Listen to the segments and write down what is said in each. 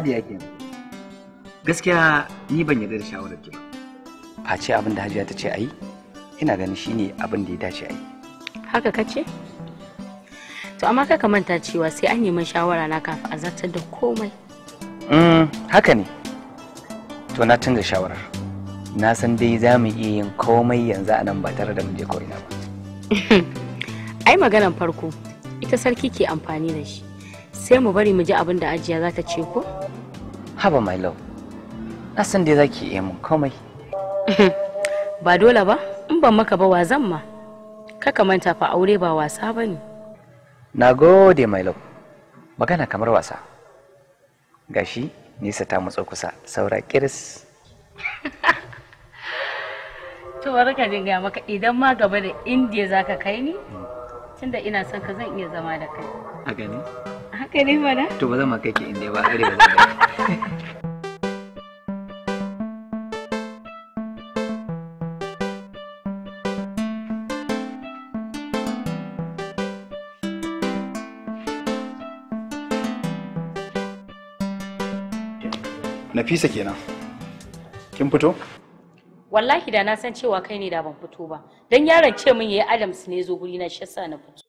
Nadiya ke gaskiya ni ban yarda da shawarar ki ba face abin da Hajiya ta ce ai ina ganin shine abin da ya dace ai haka kace to amma ka manta cewa sai an nemi shawara na kafin a zartar da komai mm haka ne to na tunga shawarar na san dai za mu iya yin komai yanzu a nan ba tare da mu je ko'ina ba ai maganar farko ita sarki ke amfani da shi sai mu bari mu ji abin da ajiya za ta ce ko haba my love na san dai zaki iya mun komai ba dole ba in ban maka ba wa zan ma kaka manta fa aure ba wasa bane na gode my love magana kamar wasa gashi nisa ta matso kusa saura kiris to maka idan ma gaba da indiya zaka kai ni hmm. tunda ina son ka zan iya zama da kai a gani haka ne mana to ba zama kai ki inda ba kare ba Nafisa kenan. Kin fito? Wallahi da na san cewa kai ne da ban fito ba. Dan yaron ce min yayi Adams ne zo guri na shi yasa na fito.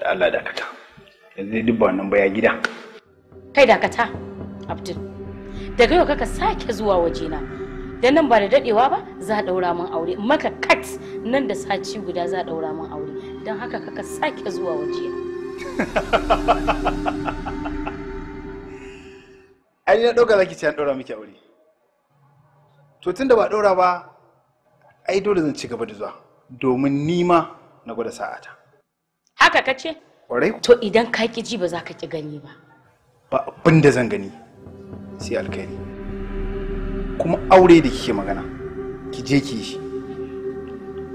Da Allah dakata. yanzu duk ba nan ba ya gida kai dakata abdul daga yau kaka sake zuwa wajena dan nan ba da dadewa ba za a daura min aure maka kat nan da saci guda za a daura min aure don haka kaka sake zuwa wajena ai na dauka zaki ce an daura miki aure to tunda ba daura ba ai dole zan ci gaba da zuwa domin nima na gwada sa'ata haka kace to idan ka ki ji ba za ka ki gani ba ba abin da zan gani sai alkhairi kuma aure da kike magana ki je ki shi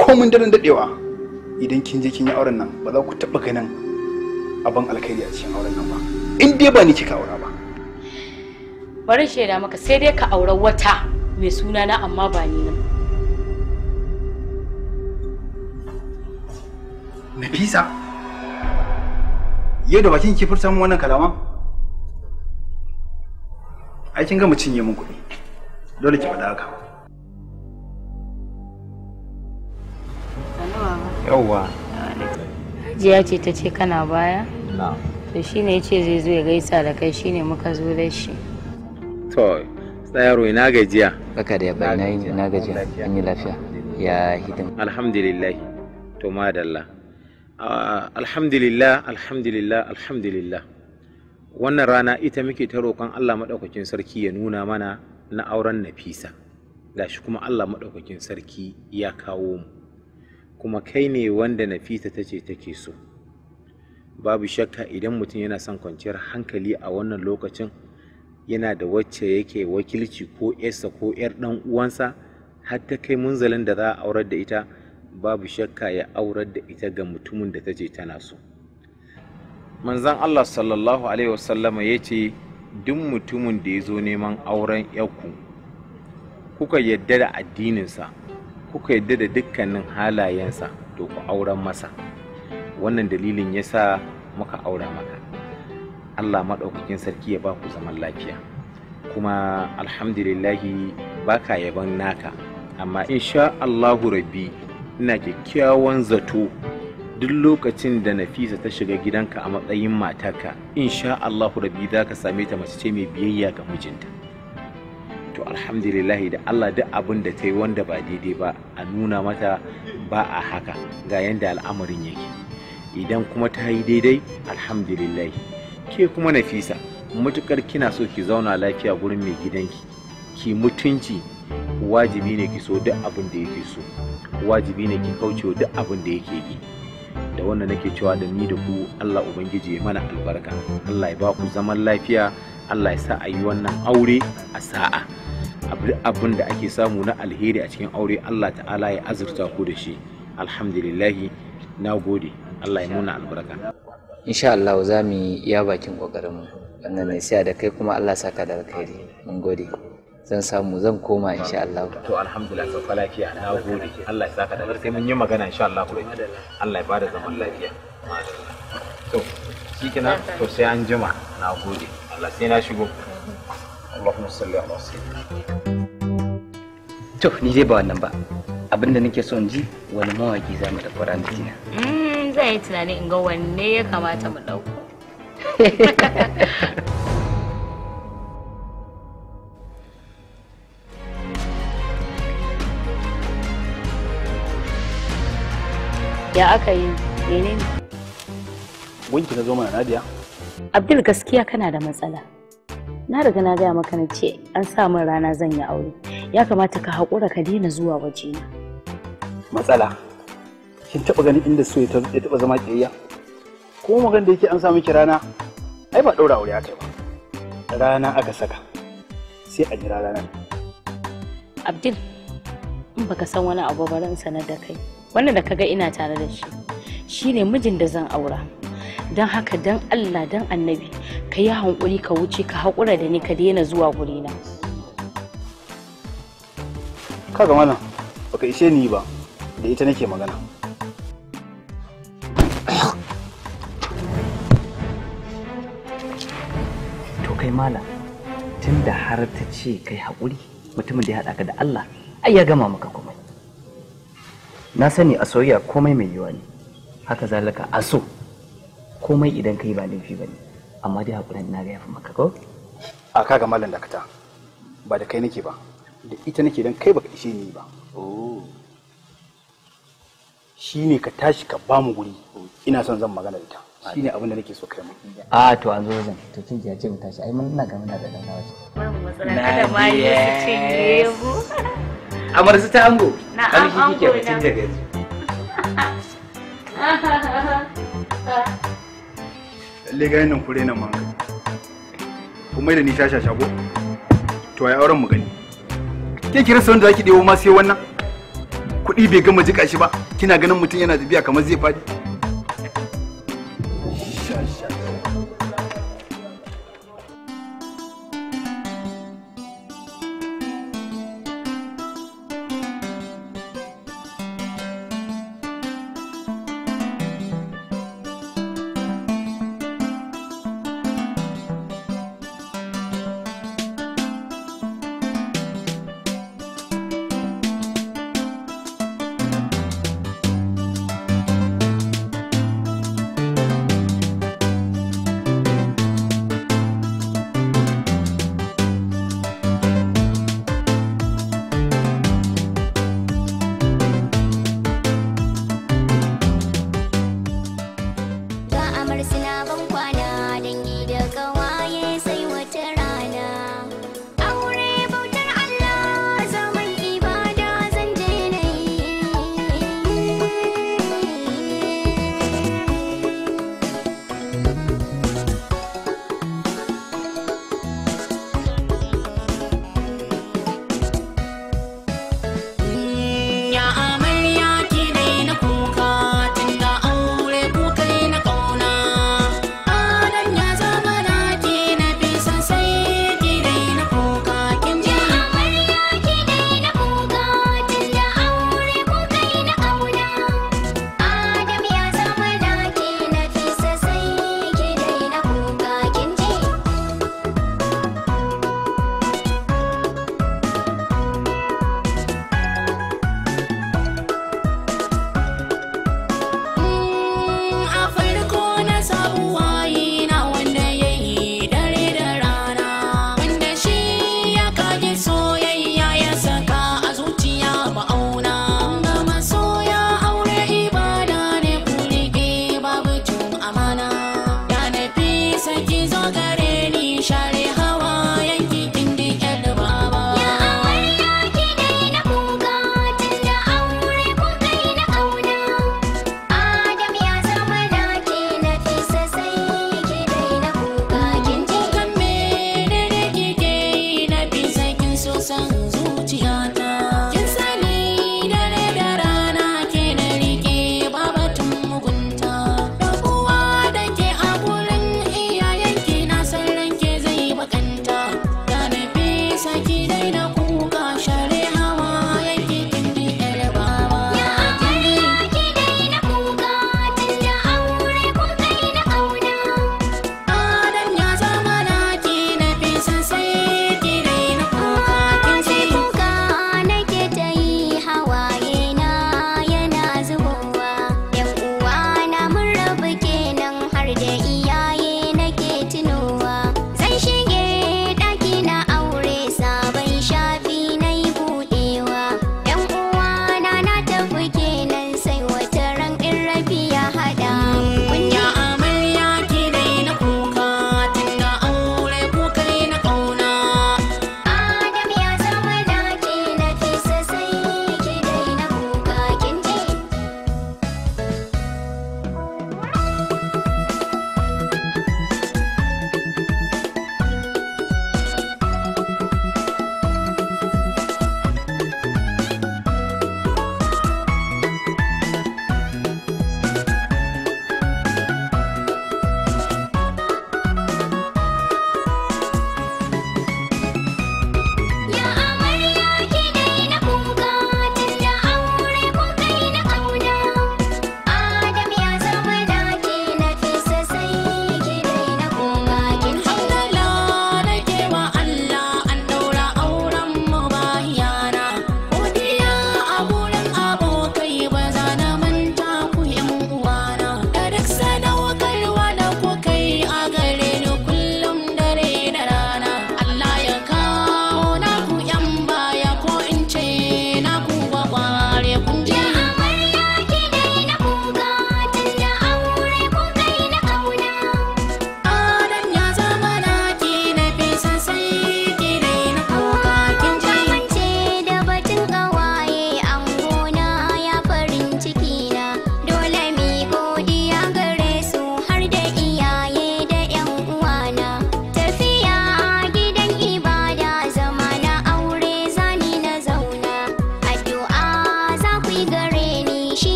komin daren dadewa idan kin je kin yi auren nan ba za ku taba ganin abin alkhairi a cikin auren nan ba in dai ba ni kika aura ba bari shaida maka sai dai ka aura wata mai suna na amma ba ni nan Nafisa. yau da bakin ki furta min wannan kalaman ai kin ga mu cinye mun kuɗi dole ki faɗa haka yauwa jiya ce ta ce kana baya to shine yace zai zo ya gaisa da kai shine muka zo da shi to tsayaro ina gajiya baka da yaba ina gajiya an yi lafiya ya hidima alhamdulillah to madalla Ah, alhamdulillah alhamdulillah alhamdulillah wannan rana ita muke ta roƙon Allah maɗaukakin sarki ya nuna mana na auren nafisa gashi kuma Allah maɗaukakin sarki ya kawo mu kuma kai ne wanda nafisa ta ce take so babu shakka idan mutum yana son kwanciyar hankali a wannan lokacin yana da wacce yake wakilci ko yarsa ko yar dan uwansa har ta kai munzalin da za a aurar da ita babu shakka ya aurar da ita ga mutumin da ta ce tana so manzan allah sallallahu alaihi wasallama ya ce duk mutumin da ya zo neman auren yakku kuka yarda da addininsa kuka yarda da dukkanin halayensa to ku auren masa wannan dalilin ya sa muka aura maka allah maɗaukakin sarki ya ba ku zaman lafiya kuma alhamdulillahi baka yaban naka amma insha allahu rabbi ina kyakkyawan zato duk lokacin da nafisa ta shiga gidanka a matsayin matarka insha Allahu rabi za ka same ta mace ce mai biyayya ga mijinta to alhamdulillahi da Allah duk abin da ta yi wanda ba daidai ba a nuna mata ba a haka ga yanda al'amarin yake idan kuma ta yi daidai alhamdulillahi ke kuma nafisa matukar kina so ki zauna lafiya gurin mai gidanki ki mutunci wajibi ne ki so duk abin da yake so wajibi ne ki kauce duk abin da yake yi da wannan nake cewa da ni da ku Allah ubangiji ya mana albarka Allah ya ba ku zaman lafiya Allah ya sa a yi wannan aure a sa'a abin da ake samu na alheri a cikin aure Allah ta'ala ya azurta ku da shi alhamdulillahi na gode Allah ya nuna albarka insha Allah za mu yi iya bakin kokarin mu wannan ne sai da kai kuma Allah saka da alkhairi mun gode zan samu zan koma insha Allah to alhamdulillah sauka lafiya na gode Allah ya saka da sai mun yi magana insha Allah ku Allah ya bada zaman lafiya to shikenan to sai an jima na gode Allah sai na shigo Allahumma salli ala sayyidina to ni dai ba wannan ba abinda nake so in ji wani mawaki za mu da faranti na zan yi tunanin in ga wanne ya kamata mu dauko ya aka yi menene gunki na zo mana nadiya abdul gaskiya kana da matsala na riga na gaya maka na ce an sa min rana zan yi aure ya kamata ka haƙura ka daina zuwa waje na matsala kin taɓa ganin inda so ya taɓa zama ƙiyayya ko magan da yake an sa miki rana ai ba ɗaura aure aka ba rana aka saka sai a jira ranar abdul in baka san wani abu ba ran sanar da kai wannan da kaga ina tare da shi shine mijin da zan aura don haka don allah don annabi ka yi hankuri ka wuce ka haƙura da ni ka daina zuwa gurina kaga mana baka ishe ni ba da ita nake magana to kai malam tun har ta ce kai haƙuri mutumin da ya haɗa ka da allah ai ya gama maka kuma na sani a soyayya komai mai yiwa ne haka zalika a so komai idan kai ba laifi ba ne amma dai hakurin na ga yafi maka ko a kaga malam dakata ba da kai nake ba da ita nake dan kai baka ishe ni ba oh. shi ne ka tashi ka ba mu guri ina son zan magana da ita shi ne abin da nake so kai mu a to an zo zan to kin jiya ce mu tashi ai mun ina ga muna da dan waje ba mu matsala kada ma ya ce cinye mu amar su ta ango na an shi kike mutum daga yanzu lalle ga nan kure nan manga kuma da ni tasha shago to ai auren mu gani ke kira sai wanda zaki dewo ma sai wannan kuɗi bai gama jika shi ba kina ganin mutum yana tafiya kamar zai faɗi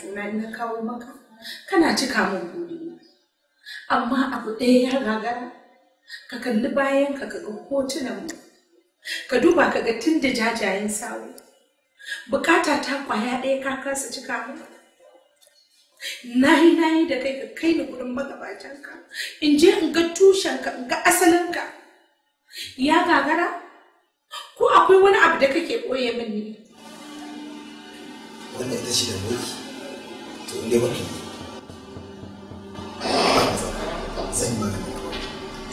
tunani na kawo maka kana cika min burina amma abu ɗaya ya gagara ka kalli bayan ka ga hotunan mu ka duba ka ga tun da jajayen sawu bukata ta kwaya ɗaya ka kasa cika mu nayi nayi da kai ka kai ni gurin magabatan ka in je in ga tushen ka in ga asalin ka ya gagara ko akwai wani abu da kake boye min wannan ita ce da mulki to inda ba ne zan yi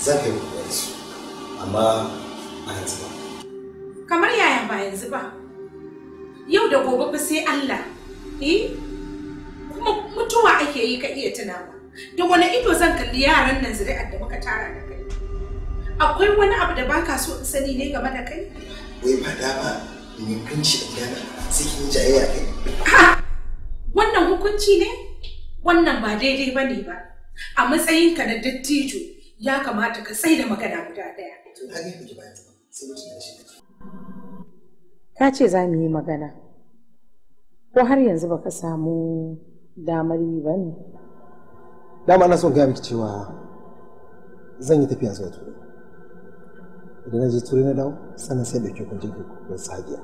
zan kai kokari amma a yanzu ba kamar yaya ba yanzu ba yau da gobe fa sai Allah eh kuma mutuwa ake yi ka iya tunawa da wani ido zan kalli yaran nan zuri'ar da muka tara da kai akwai wani abu da baka so in sani ne game da kai wai ba da ba in yi kunci a gidana sai kin jayayya kai wannan hukunci ne wannan ba daidai ba ne ba a matsayinka da dattijo ya kamata ka sai da magana guda ɗaya. Ka ce za mu yi magana, ko har yanzu baka samu damar yi ba ne? Dama ana son gaya cewa zan yi tafiya zuwa turai. Idan na je turai na dawo, sannan sai ke kwanci da tsagiya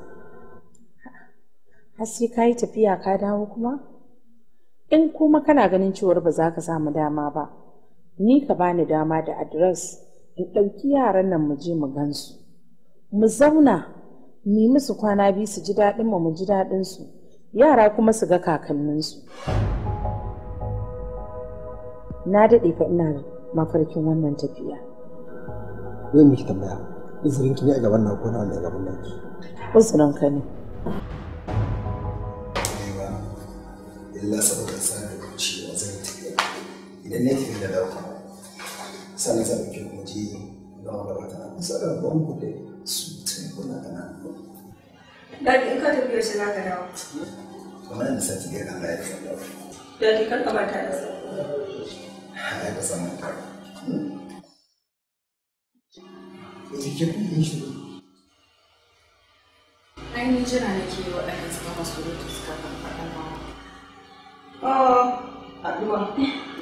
har sai ka yi tafiya ka dawo kuma in kuma kana ganin cewar ba za ka samu dama ba ni ka bani dama da adres in ɗauki yaran nan mu je mu gansu mu zauna mu musu kwana biyu su ji daɗin mu mu ji daɗin su yara kuma su ga kakanninsu na daɗe fa ina mafarkin wannan tafiya zai miki tambaya uzurin ki ne a gaban na ko na gaban nan uzurin ka ne da nufin da dauka sannan sa ɗauki mu je ga magabata na kusa da ruwan ku da su kuna da nan Dadi in ka tafi yaushe za ka dawo? Kamar da sati ɗaya kan gaya zan dawo. Dadi kan kamata da sa. Ha hmm? ya kasa mun karo. Ita ke kun yi shiru. Ai ni jira nake yi waɗanda suka masu rutu suka kan faɗa ba Oh, addu'a.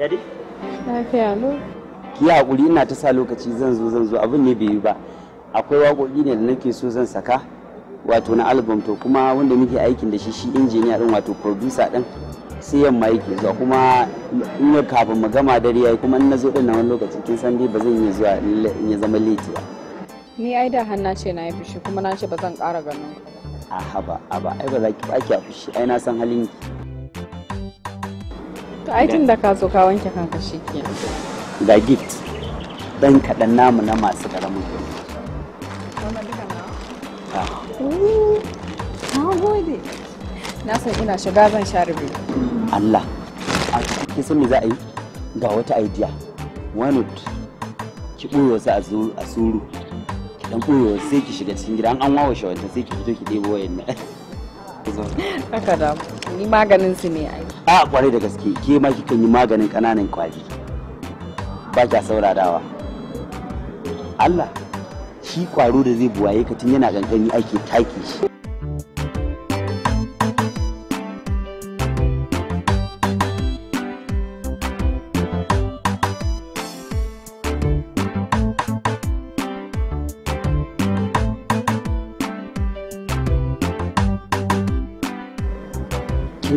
yadi lafiya lo ki hakuri ina ta sa lokaci zan zo zan zo abin ne bai yi ba akwai wakoki ne da nake so zan saka wato na album to kuma wanda muke aikin da shi shi injiniya din wato producer din sai yamma yake zuwa kuma in ya kafin mu gama dare yayi kuma in na zo din na wani lokaci kin san dai ba zan iya zuwa in ya zama late ba ni ai da hanna ce na yi fushi kuma na ce ba zan kara ganin a haba ba? ai ba za ki ba ki fushi ai na san halin ki ai tun da ka zo ka wanke kanka shi ke da gift dan kaɗan namu na masu ƙaramin kuɗi ah. na gode na san ina shiga zan sha rubi Allah a ah, cikin sun me za a yi ga wata idea wani ki ɓoye wasu a suru ki dan ɓoye wasu sai ki shiga cikin gida an wawa shawarta sai ki fito ki ɗebo wayan nan ba haka da maganin su ne ai a kware da gaske ke ma kikan yi maganin kananan kwari ba kya saurarawa Allah shi kwaro da zai buwaye ka tun yana yi ake take shi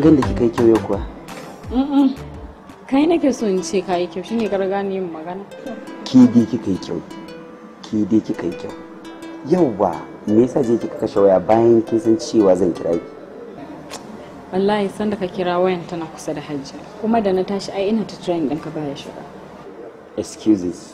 gan da kika kai kyau yau kuwa kai nake so in ce ka yi kyau shine kar gane yin magana ki dai ki yi kyau ki dai ki yi kyau ba me yasa je kika kashe waya bayan kin san cewa zan kira ki wallahi san da ka kira wayan tana kusa da hajji kuma da na tashi ai ina ta trying ɗinka baya shiga excuses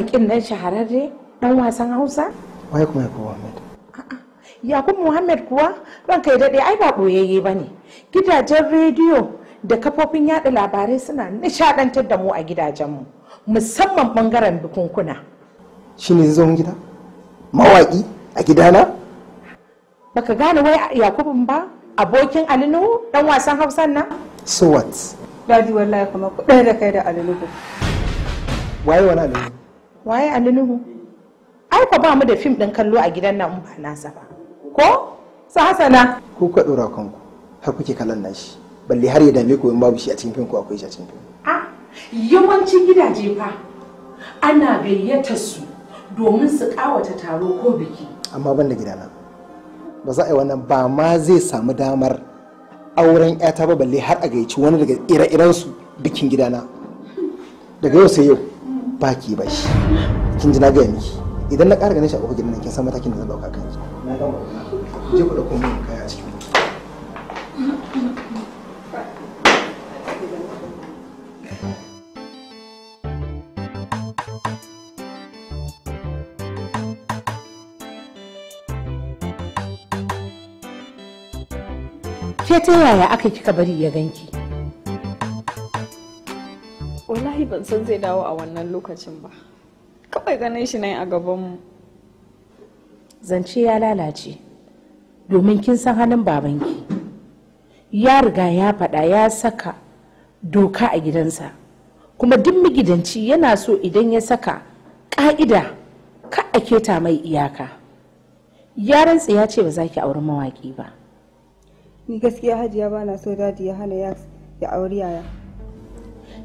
mawaƙin nan shahararre dan wasan hausa? wai kuma yakubu muhammad yakubu muhammad kuwa ranka ya daɗe ai ba ɓoyayye ba ne gidajen rediyo da kafofin yaɗa labarai suna nishaɗantar da mu a gidajenmu musamman ɓangaren bukunkuna shi ne zaun gida mawaƙi a gidana baka gane wai yakubun ba abokin alinu dan wasan hausan nan so what Ladi wallahi kamar kuɗaya da kai da alinuhu waye wani alinu waye Ali Nuhu ai ko ba mu da fim din kallo a gidan nan ba nasa ba ko sa hasana ku ka dora kanku har kuke kallon nashi balle har ya dame ku in babu shi a cikin fim ko akwai shi a cikin fim a yawancin gidaje fa ana gayyata su domin su kawata taro ko biki amma ban da gidana ba za a yi wannan ba ma zai samu damar auren yata ba balle har a gayyaci wani daga ire-irensu bikin gidana daga yau sai yau ba ki ba shi kin ji na gaya miki idan na ƙara ganin shi a ƙofar gidan kin san matakin da zan ɗauka kanki na gama je ku ɗauko min kaya a cikin ke ta yaya aka kika bari ya ganki wallahi ban san zai dawo a wannan lokacin ba kawai ganin shi nan a gabanmu zance ya lalace domin kin san hannun babanki ya riga ya faɗa ya saka doka a gidansa kuma duk magidanci yana so idan ya saka ƙa'ida ka a keta mai iyaka ya rantsa ya ce ba za ki auri mawaƙi ba ni gaskiya hajiya ba na so dadi ya hana ya auri yaya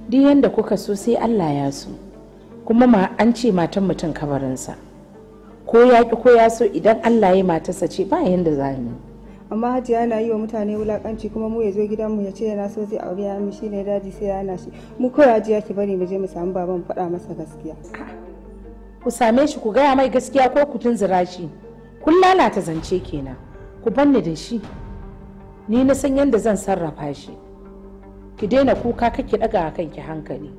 duk yadda kuka so sai allah ya so kuma ma an ce matan mutum kabarinsa ko ya ki ko ya so idan allah ya matarsa ce ba yadda za mu amma hajiya yana yi wa mutane wulakanci kuma mu ya zo gidanmu ya ce yana so zai aure ya shi ne daji sai yana shi mu kawai hajiya ki bari mu je mu samu baban faɗa masa gaskiya ku same shi ku gaya mai gaskiya ko ku tunzura shi kun lalata zance kenan ku banni da shi ni na san yadda zan sarrafa shi ki daina kuka kake daga kanki hankali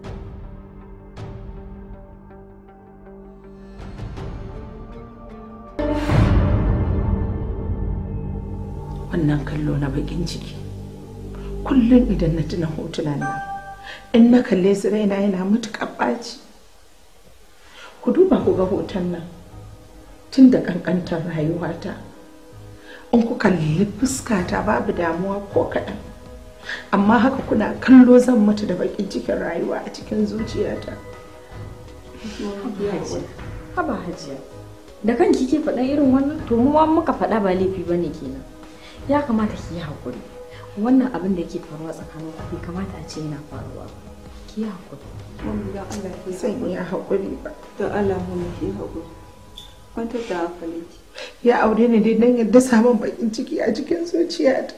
wannan kallo na bakin ciki kullum idan na tuna hotunan nan in na kalle su raina yana matuƙar ɓaci ku duba ku ga hoton nan tun da ƙanƙantar rayuwata in ku kalli fuskata babu damuwa ko kaɗan amma haka kuna kallo zan mutu da bakin cikin rayuwa a cikin zuciyata haba hajiya da kan kike faɗa irin wannan to mu muka faɗa ba laifi bane kenan ya kamata ki yi hakuri wannan abin da yake faruwa tsakanin ku bai kamata a ce yana faruwa ki yi hakuri mun ga Allah ki san ya hakuri ba to Allah mu ki hakuri kwanta da hankali ya aure ne dai dan yadda samun bakin ciki a cikin zuciyata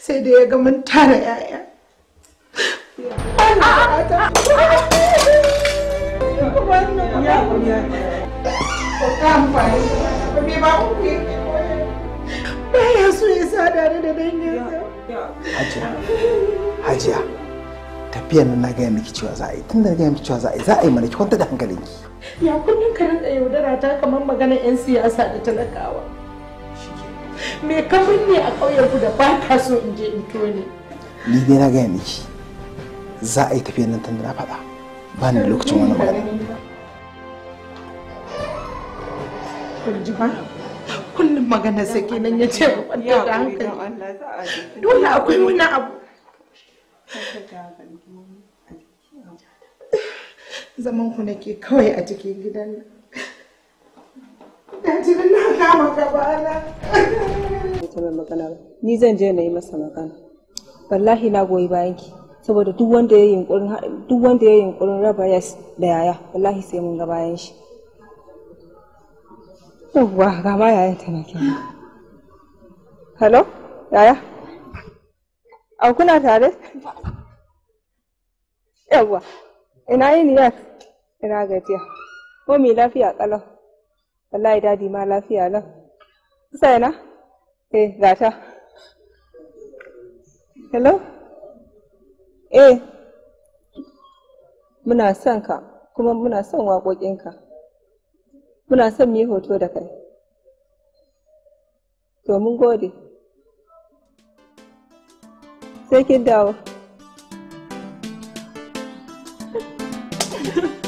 sai da ya ga mun tara 'ya'ya Baya so ya sada ni da danginsa. Hajiya, Hajiya, tafiyar nan na gaya miki cewa za a yi, tun da gaya miki cewa za a yi, za a yi mana ki kwanta da hankalinki. Ya kullum ka rinka yaudara ta kamar magana 'yan siyasa da talakawa. me ka binne a ƙauyen ku da ba ka so in je in tone ni dai na gaya miki za a yi tafiyar nan tana faɗa ba ni lokacin wani ba kullum wani zaman ku nake kawai a cikin gidan nan na na kama gabana ta mai magana ba ni zan je na yi masa magana wallahi na goyi bayan ki saboda duk wanda ya yunkurin duk wanda ya yunkurin raba yas da yaya wallahi sai mun ga bayan shi yawwa ga ma yayan ta na kenan hello yaya au kuna tare yawwa ina yi niyar? ina gajiya ko mai lafiya kalau wallahi dadi ma lafiya lau yana? eh gata hello eh muna son ka kuma muna son waƙoƙinka muna son mu yi hoto da kai to mun gode sai kin dawo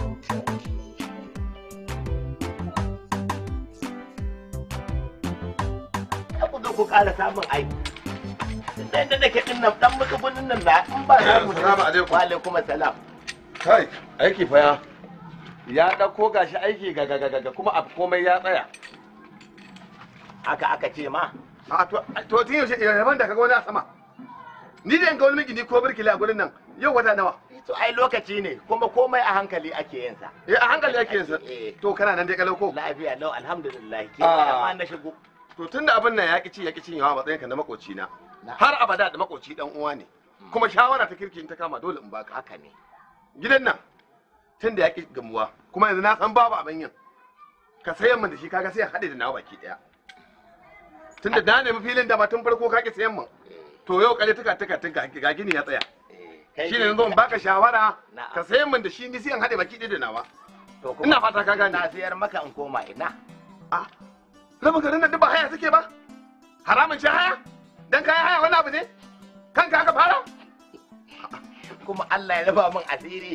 dole ku samun ai da din nan dan nan na in ba za mu eh, salamu alaikum wa alaikum kai aiki fa ya ya dauko gashi aiki ga ga ga kuma abu komai ya tsaya haka aka ce ma a to to tin yaushe yaban da kaga wani a sama ni da yanka wani miki ni ko birkila a gurin nan yau wata nawa to ai lokaci ne kuma komai a hankali ake yin sa eh a hankali ake yin sa eh. to kana nan dai kalau ko lafiya lau alhamdulillah ke ah. na shigo to tun da abin nan ya ci ya ci yawa matsayinka na makoci na har abada da makoci dan uwa ne mm. kuma shawara ta kirki in ta kama dole in baka haka ne gidan nan da ya ki gamuwa kuma yanzu na san babu abin yin ka sayan min da shi kaga sai haɗe da nawa baki daya Tun da nemi filin da ba tun farko ka ki sayan min eh. to yau kare tuka tuka tuka ga gini ya tsaya eh, shi ne yanzu in baka shawara ka sayan min da shi ni sai an haɗe baki daya da nawa ina fata ka gane na sayar maka in koma ina ah. Lama garin nan duk ba haya suke ba haramun ce haya dan kayan haya wani abu ne kanka aka fara kuma Allah ya raba min asiri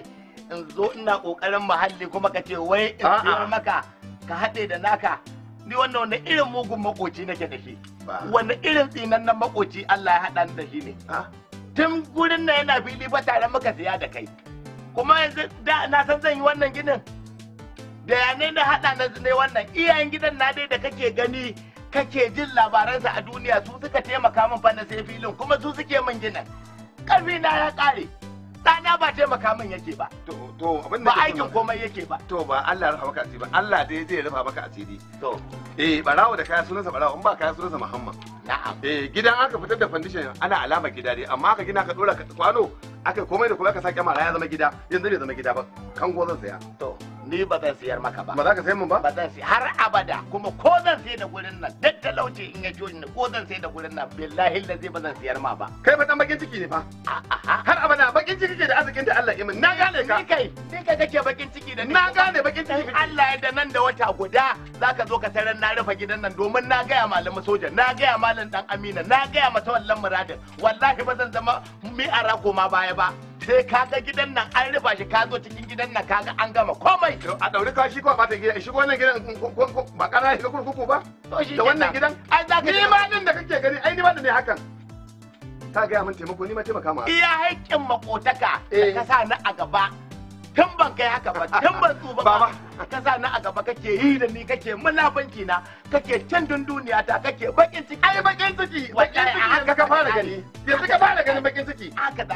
in zo ina kokarin muhalli kuma ka ce wai in siyar maka ka haɗe da naka ni wannan wani irin mugun makoci nake da shi wani irin tsinannen makoci Allah ya haɗa ni da shi ne tun gurin na yana fili ba tare muka siya da kai kuma yanzu da na san zan yi wannan ginin da yanayi na haɗa na ne wannan iyayen gidan na dai da kake gani kake jin labaransa a duniya su suka taimaka min fa na sai filin kuma su suke min ginin ƙarfi na ya ƙare ɗana ba taimaka min yake ba to to abin da ba aikin komai yake ba to ba Allah ya rufa maka asiri ba Allah dai zai rufa maka asiri to eh barawo da kaya sunansa barawo in ba kaya sunansa Muhammad na'am eh gidan aka fitar da foundation ana alama gida dai amma aka gina ka dora kwano aka komai da kuma aka sake mara ya zama gida yanzu ne zama gida ba kango zan saya to ni ba zan siyar maka ba ba za ka sayar min ba ba zan siyar har abada kuma ko zan sayar da gurin nan duk lauce in ya joni ni ko zan sayar da gurin nan billahi zai ba zan siyar ma ba kai fa dan bakin ciki ne fa har abada bakin ciki ke da arzikin da Allah imin na gane ka ni kai ni kai kake bakin ciki da ni na gane bakin ciki Allah ya da nan da wata guda zaka zo ka tarar na rufe gidan nan domin na gaya malamin soja na gaya malam dan Amina na gaya mata wallan muradin wallahi ba zan zama mi arako ma baya ba sai ka ga gidan nan an rufa shi ka zo cikin gidan nan ka ga an gama komai a daure ka shi ko ba ta gidan shi wannan gidan ba kana shi kurkuku ba da wannan gidan ai za ka ni ma din da kake gani ai ni ma ne hakan ka ga mun taimako ni ma taimaka ma iya haƙƙin makotaka da eh. ka sa na a gaba tun ban kai haka ba tun ban tsufa ba ka sa na a gaba kake yi da ni kake mulabanci na kake can duniya ta kake bakin ciki ai bakin ciki bakin ciki yanzu ka fara gani yanzu ka fara gani bakin ciki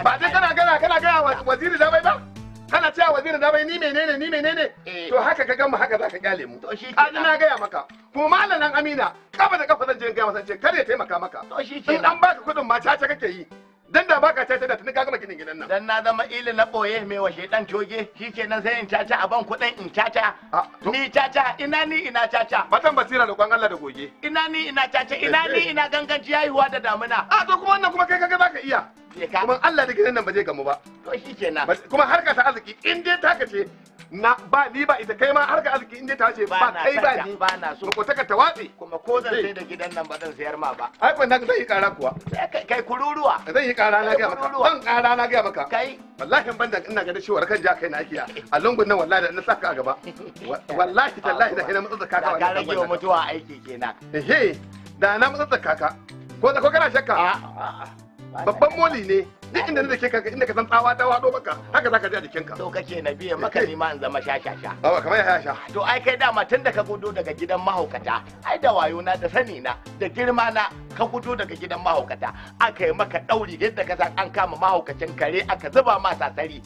ba dai kana gana kana ga waziri da bai ba kana cewa waziri da bai ni menene ni menene eh. to haka ka gama haka zaka kyale mu to shi ke na gaya maka ko malamin Amina kafa da kafa zan je ga masa ce kare taimaka maka to shi ke an baka kudin ma caca kake yi dan da baka caca da tuni ka gama ginin gidan nan dan na zama ilin na boye mai washe dan coge shikenan sai in caca a ban kudin in caca ni caca ina ni ina caca batan basira da kwan Allah da goge ina ni ina caca ina ni eh, eh. ina ganganci yayuwa da damuna a to kuma wannan kuma kai kaga baka iya kuma Allah da gidan nan ba zai gamu ba to shikenan kuma harka ta arziki in dai taka ce na ba ni ba ita kai ma har ka arziki inda ta ce ba kai ba ni ba na so ko taka tawatsi kuma ko zan sai da gidan nan ba zan sayar ma ba ai ko nan zan yi kara kuwa kai kururuwa zan yi kara na ga maka zan kara na ga maka kai wallahi ban da ina ga cewa kan ja kai na kiya a lungun nan wallahi da na saka a gaba wallahi tallahi da hina mutsa kaka wannan rage wa mutuwa aiki kenan ehe da na mutsa kaka ko da ko kana shakka a'a babban moli ne duk inda nake kanka inda ka san tsawa ta wado maka haka zaka ji a jikinka to kake na biye maka ni ma in zama sha. awa kamar ya sha to ai kai dama tun da ka gudo daga gidan mahaukata ai da wayo na da sani na da girma na ka gudo daga gidan mahaukata aka yi maka dauri yadda ka san an kama mahaukacin kare aka zuba ma sasari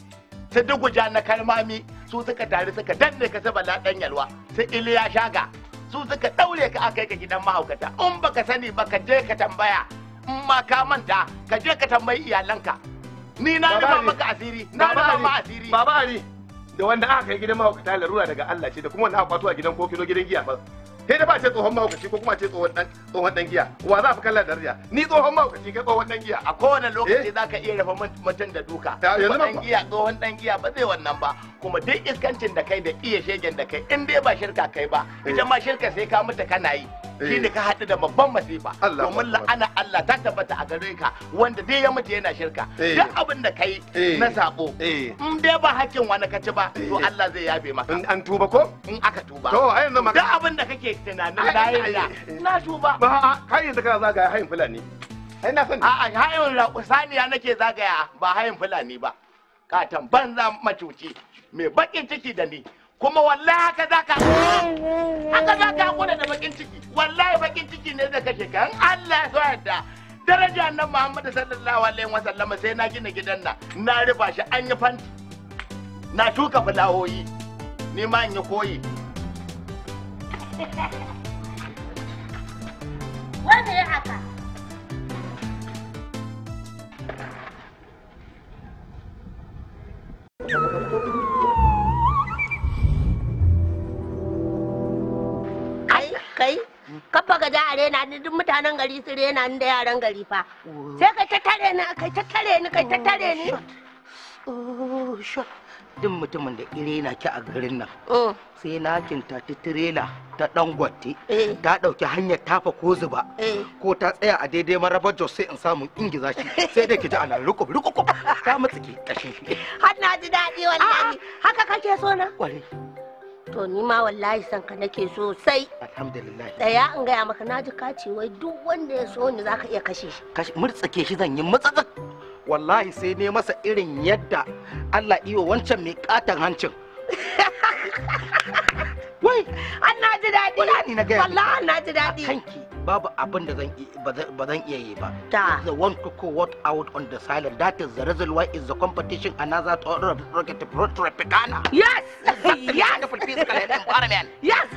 su duguja na kalmami su suka tare suka danne ka saba ladan yalwa su iliya shaga su suka daure ka aka yi ka gidan mahaukata in baka sani baka je ka tambaya in ma ka manta ka je ka tambayi iyalanka ni na ba maka asiri na ba ma asiri baba ali da wanda aka kai gidan mahaukata rura daga Allah ce da kuma wanda aka kwato a gidan kokino gidan giya ba sai da ba ce tsohon mahaukaci ko kuma ce tsohon dan giya wa za fi kalla daraja ni tsohon mahaukaci kai tsohon dan giya a kowane lokaci eh? za ka iya rafa mutum da duka dan giya tsohon dan giya ba zai wannan ba kuma duk iskancin da kai da iya shegen da kai in dai ba shirka kai ba eh. ita ma shirka sai ka mutu kana yi eh. shi ne ka haɗu da babban masifa domin la'ana Allah ta tabbata a gare ka wanda dai ya mutu yana shirka duk abin da kai na sabo in dai ba hakkin wani ka ci ba to Allah zai yafe maka an tuba ko in aka tuba to a yanzu duk abin da kake yi tunanin na yi da na tuba ba a kai yanzu kana zagaya hayin fulani ai na san a a hayin saniya nake zagaya ba hayin fulani ba katan banza macuci mai bakin ciki da ni kuma wallahi haka za ka haka za ka hakura da bakin ciki wallahi bakin ciki ne da kashe kan Allah ya so yadda daraja na Muhammadu sallallahu alaihi wa sallam sai na gina gidan nan. na rufa shi an yi fanti na shuka fulawoyi ni ma in yi koyi wanda ya haka kai a ni duk mutanen gari su rena ni da yaran gari fa sai kai ta ni kai tattare ni kai ta ni duk mutumin da irena ki a garin nan oh. sai na kinta ta tirela ta dan gwate eh. ta dauki hanyar tafa ko zuba eh. ko ta tsaya a daidai marabar jos sai in samu ingiza shi sai da ki ji ana rukub rukub ta mutsike kashin har na ji daɗi wallahi haka kake so na kwarai to ni ma wallahi san ka nake sosai alhamdulillah daya in gaya maka na ji ka wai duk wanda ya so ni zaka iya kashe shi murtsake shi zan yi mutsatsat wallahi sai ne masa irin yadda Allah iyo wancan mai katon hancin wai an na ji daɗi wallahi na ji daɗi babu abin da zan ba zan iya yi ba the one to go what out on the silent that is the reason why is the competition another to rocket propaganda yes yes for physical environment yes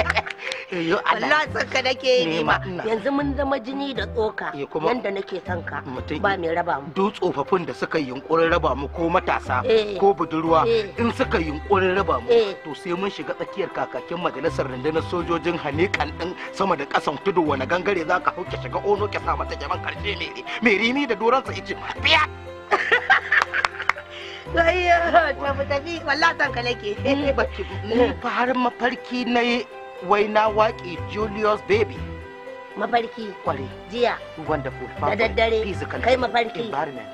yo Allah saka nake yi ma yanzu mun zama jini da tsoka yanda nake sanka ba mai raba mu duk tsofaffin da suka yunkurin raba mu ko matasa eh. ko budurwa eh. in suka yunkurin raba mu eh. to sai mun shiga tsakiyar kakakin majalisar rundunar sojojin hanikan din sama da kasan tudu wani gangare za ka hauke shiga ono ke sa mata jaman karshe ne mai rini da doron sa ice biya Ayya, ta mu tafi wallatan ka nake. Ni fa har mafarki na ye na Julius Baby. Mafarki. Kware. Jiya. Wonderful. Da daddare. Kai mafarki. Environment.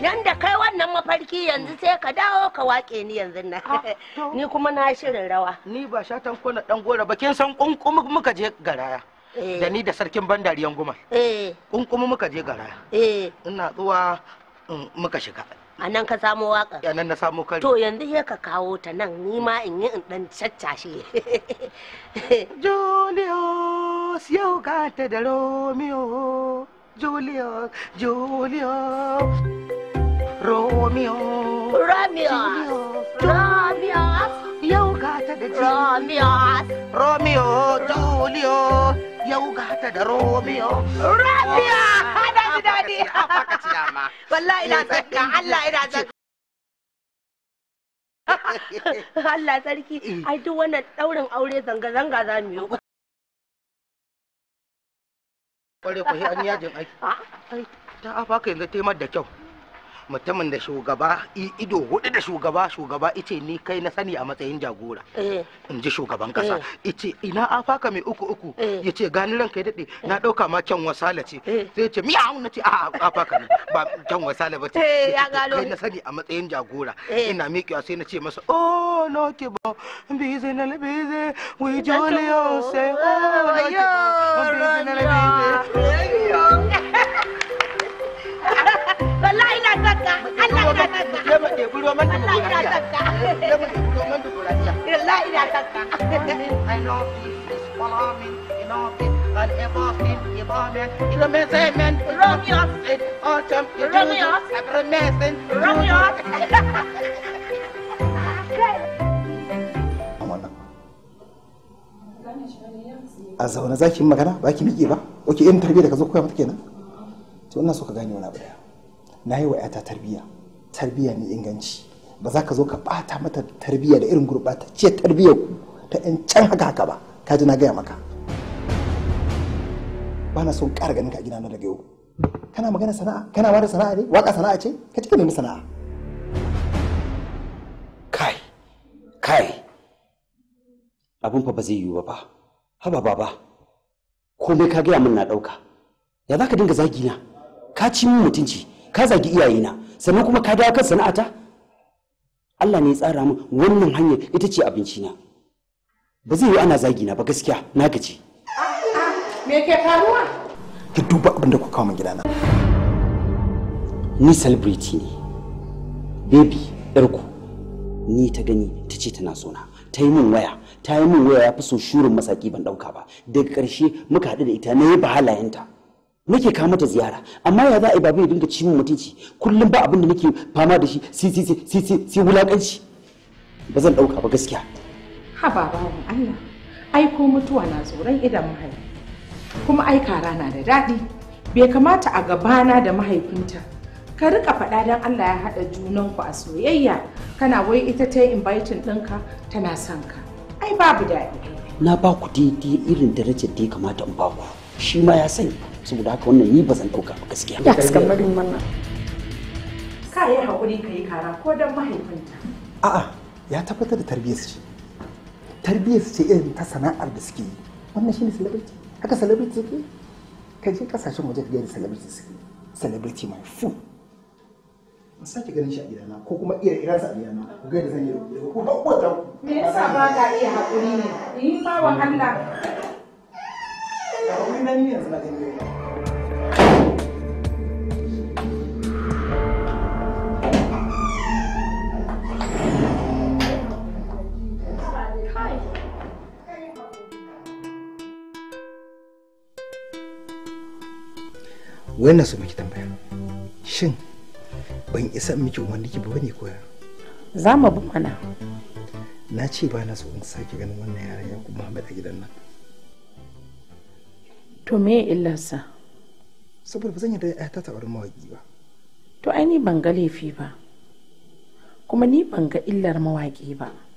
Nan da kai wannan mafarki yanzu sai ka dawo ka wake ni yanzu nan. Ah, ni kuma na shirin rawa. Ni ba shatan kona dan gora ba kin san kunkumu muka je garaya. Eh. da ni da sarkin bandariyan kun eh. kuma muka je gara eh. ina zuwa mm, muka shiga a nan ka samo waka a nan na samo kari to yanzu ya ka kawo ta nan ni ma in yi in dan caccashe Julius yau ka ta da Romeo Julius Julius Romeo Romeo Romeo yau ka ta da Romeo Romeo Julius yau ga hata da Romeo. Rafiya! hada ji dadi wallahi ina zakka Allah ina zakka Allah sarki mm. ai duk wannan daurin aure zanga zanga za mu yi kware ku an yajin aiki ah, ta afa ah, ka yanzu taimar da kyau mutumin da shugaba ido hudu da shugaba shugaba ice ni kai na sani a matsayin jagora eh. in ji shugaban kasa eh. ice ina afaka mai uku uku eh. ya ce gani ranka ya daɗe na ɗauka ma kyan wasala ce sai ce miya na ce a afaka ne ba kyan wasala ba ce kai na sani a matsayin jagora ina miƙewa sai na ce masa oh no ke ba busy na busy we jolly oh say oh no ke ba busy na busy a zaune za ki magana ba ki miƙe ba ok in tarbiyya da ka zo koya mata kenan to ina so ka gane wani abu daya na yi wa 'yata tarbiyya tarbiyya mai inganci ba za ka zo ka bata mata tarbiyya da irin gurɓatacciyar tarbiyyar ku ta yan can haka haka ba ka ji na gaya maka ba na son ƙara ganin ka gina na daga yau kana magana sana'a kana ba da sana'a ne waka sana'a ce ka ci ka nemi sana'a kai kai abin fa ba zai yiwu ba haba baba komai ka gaya min na ɗauka ya za ka dinga zagi na ka ci min mutunci ka zagi iyayena sannan kuma ka dawo kan sana'ata Allah ne ya tsara min wannan hanya ita ce abinci na ba zai yi ana zagi na ba gaskiya na gaji me ke faruwa ki duba abin da ku kawo min gidana ni celebrity ne baby yarku ni ta gani ta ce tana so na ta yi min waya ta yi min waya ya fi so shurin masaki ban ɗauka ba daga ƙarshe muka haɗu da ita na yi ba halayenta nake kawo mata ziyara amma ya za a yi babu ya dinga cimin mutunci kullum ba abin da nake fama da shi si si si si si wulakanci ba zan dauka ba gaskiya ha babu Allah ai ko mutuwa na tsoron idan mahai kuma ai kara na da daɗi bai kamata a gabana da mahaifinta ka rika faɗa dan Allah ya haɗa ku a soyayya kana wai ita ta yi inviting ɗinka tana son ka ai babu daɗi na ba ku daidai irin darajar da ya kamata in ba ku shi ma ya sani saboda haka wannan ni ba zan dauka ba gaskiya ya kaskan barin wannan ka yi hakuri ka yi kara ko dan mahaifinta a'a ya tabbatar da tarbiyyar ce tarbiyyar ce irin ta sana'ar da suke yi wannan shine celebrity haka celebrity suke ka je kasashen waje ka ga celebrity suke celebrity mai fu in sake ganin shi a gidana ko kuma iya iransa a gidana ku ga da zan yi ko ba ku ta me yasa ba ka iya haƙuri ne in ba wa Allah ya wani ni ne yanzu na gani wannan su miki tambaya shin ban isa miki umarni ki ba ne koya za mu bi mana na ce ba na so in sake ganin wannan yaran yaku muhammad a gidan nan to me sa saboda ba zan yi da ya ta taɓa mawaƙi ba to ai ni ban ga laifi ba kuma ni ban ga illar mawaƙi ba